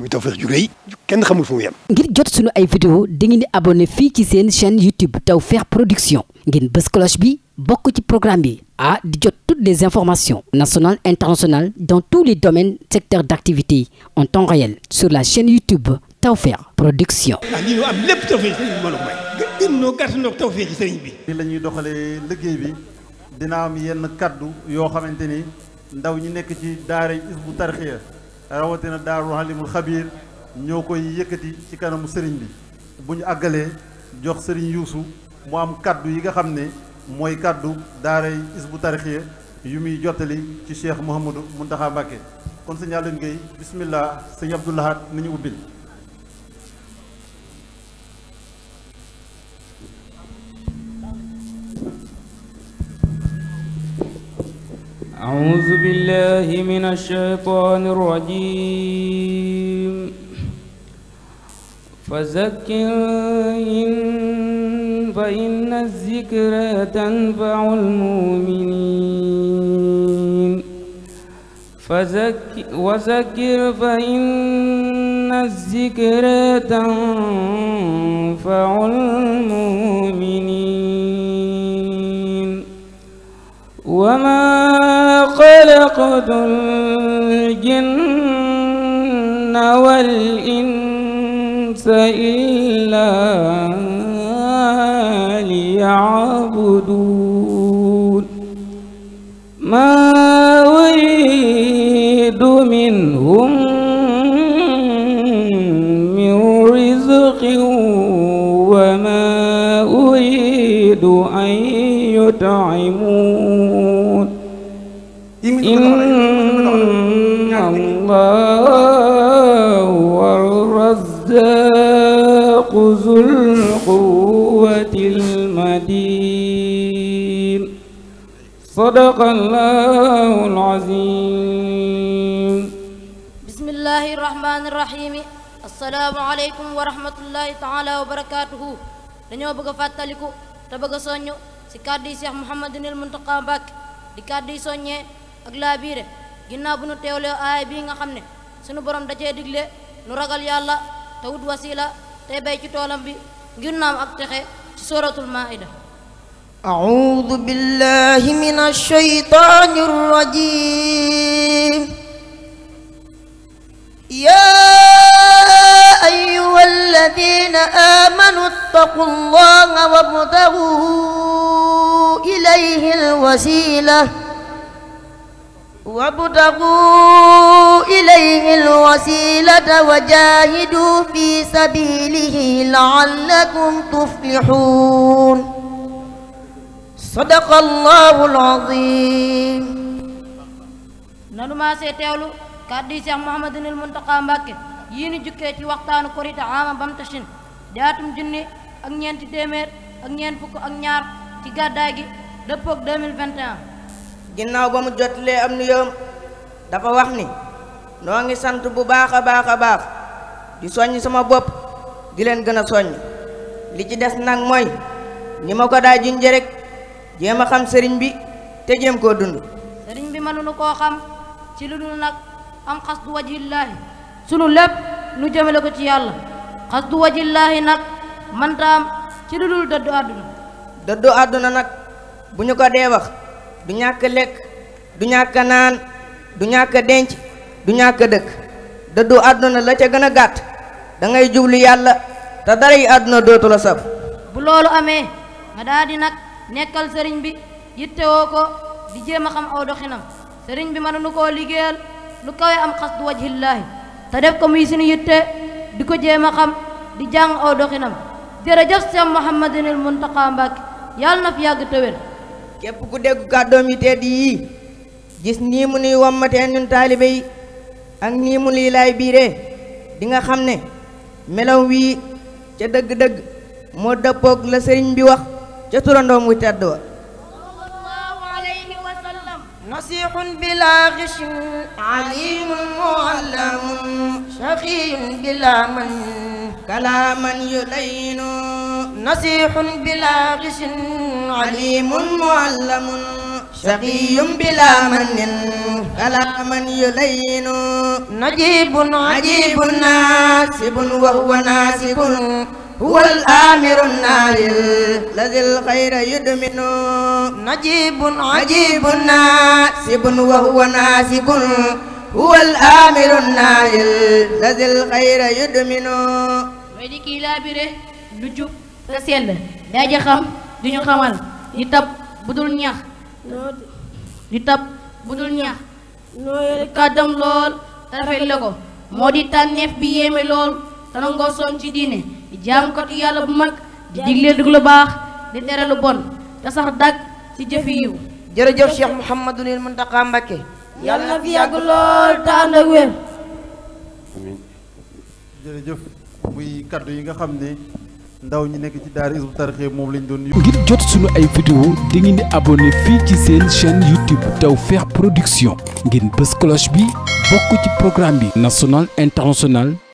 muy Tawfekh ju kenn xamul fu mu ngir jot sunu ay vidéo dangeen di abonné fii ci seen chaîne YouTube Tawfekh Production ngeen bës cloche bi bokk ci programme bi a di jot toutes les informations nationales internationales dans tous les domaines secteurs d'activité en temps réel sur la chaîne YouTube Tawfekh Production. ah lii ñu am lépp Tawfekh sëriñ bi mbooloo mooy. gën gën liggéey bi dina am yenn kaddu yoo xamante ni ndaw ñi nekk ci daara Hizbut Tarqiyyah. rawatina daaru alimul xabiir ñoo koy yëkkati ci kanamu sëriñ bi bu ñu àggalee jox sëriñ yuusu mu am kàddu yi nga xam ne mooy kàddu daaray isbu tarixiya yu muy jottali ci cheikh mouhamadou muntaxa mbàkke kon sëñ Alioune Gueye bismillah sëñ abdoulahat ni ñu ubbil أعوذ بالله من الشيطان الرجيم فذكر إن فإن الذكرى تنفع المؤمنين فذكر وذكر فإن الذكرى تنفع المؤمنين خلقت الجن والإنس إلا ليعبدون ما أريد منهم من رزق وما أريد أن يطعمون إن الله هو الرزاق ذو القوة المتين صدق الله العظيم بسم الله الرحمن الرحيم السلام عليكم ورحمة الله تعالى وبركاته dañoo bëgg a fàttaliku te bëgg a soññ ci kàddu yi Cheikh Mouhamadou Nil Mountakha Mbacké di kàddu yi soññee ak laa biire ginnaaw bu nu teewlee aaya bii nga xam ne sunu borom da cee digle nu ragal yàlla te wut wasiila tey bay ci toolam bi ngir naam ak texe ci suratul maida أعوذ بالله من الشيطان الرجيم يا أيها الذين آمنوا اتقوا الله وابتغوا إليه الوسيلة وابتغوا إليه الوسيلة وجاهدوا في سبيله لعلكم تفلحون صدق الله العظيم nanu maa see teewlu kàddu yi Seex Muhammadinil Muntaqa Mbàkke jukkee ci waxtaanu korite ama bam tashin di atum junni ak ñeenti téeméer ak ñeent fukk ak ñaar ci gàddaay gi dëppook 2021 ginnaaw ba mu jotlee am nuyoom dafa wax ni noo ngi sant bu baax a baax a baax di soññ sama bopp di leen gën a soññ li ci des nag mooy ni ma ko daa junje jéem a xam sëriñ bi te jéem koo dund sëriñ bi mënunu koo xam ci lu dul nag am xas du wajillaahi sunu lépp nu jëmale ko ci yàlla xas du wajillaahi nag mënta am ci lu dul dëddu àdduna dëddu àdduna nag bu ñu ko dee wax du ñàkk lekk du ñàkk naan du ñàkk denc du ñàkk dëkk dëddu àdduna la ca gën a gàtt da ngay jublu yàlla te dara yi àdduna dootu la saf bu loolu amee nga daldi di nag nekkal sëriñ bi yittewoo ko di jéem a xam aw doxinam sëriñ bi mënuñu koo liggéeyal lu kawe am xas du wajhillaahi te def ko muy suñu yitte di ko jéem a xam di jàng aw doxinam jërëjëf sëñ Mouhamadinil Muntaqa Mbàkke yàlla na fi yàgg tëwél képp ku dégg kàddoom yi tedd yii gis nii mu nuy wommatee ñun taalibe yi ak nii mu nuy laay biiree di xam ne melow wii ca dëgg-dëgg moo dëppoog la sëriñ bi wax ca turandoom wu tedd wa نصيح بلا غش عليم معلم شقي بلا من كلاما يلين نصيح بلا غش عليم معلم شقي بلا من كلاما يلين نجيب عجيب ناسب وهو ناسب هو الآمر الناهي الذي الخير يدمن نجيب عجيب ناسب وهو ناسك هو الآمر الناهي الذي الخير يدمن ويدي كلا بره نجوب la sell yaa ja xam du ñu xamal di tab bu dul ñax di tab bu dul ñax kàddam lool te rafet la ko moo di tànneef bi yéeme lool te nangoo sonn ci diine di jaamkatu yàlla bu mag di digle dug baax di tere lu bon te sax dagg ci jëfi yiw jërëjëf Cheikh Mouhamadul Mountakha Mbacké yàlla na fi yàgg lool te ak wér amiin jërëjëf muy kaddu yi nga xam ne ndaw ñi nekk ci daara Hizbut Tarqiyyah moom lañ doon. ngir jot suñu ay vidéo di ngeen di abonné fii ci seen chaîne YouTube Tawfekh Production ngeen bës cloche bi bokk ci programme bi national international.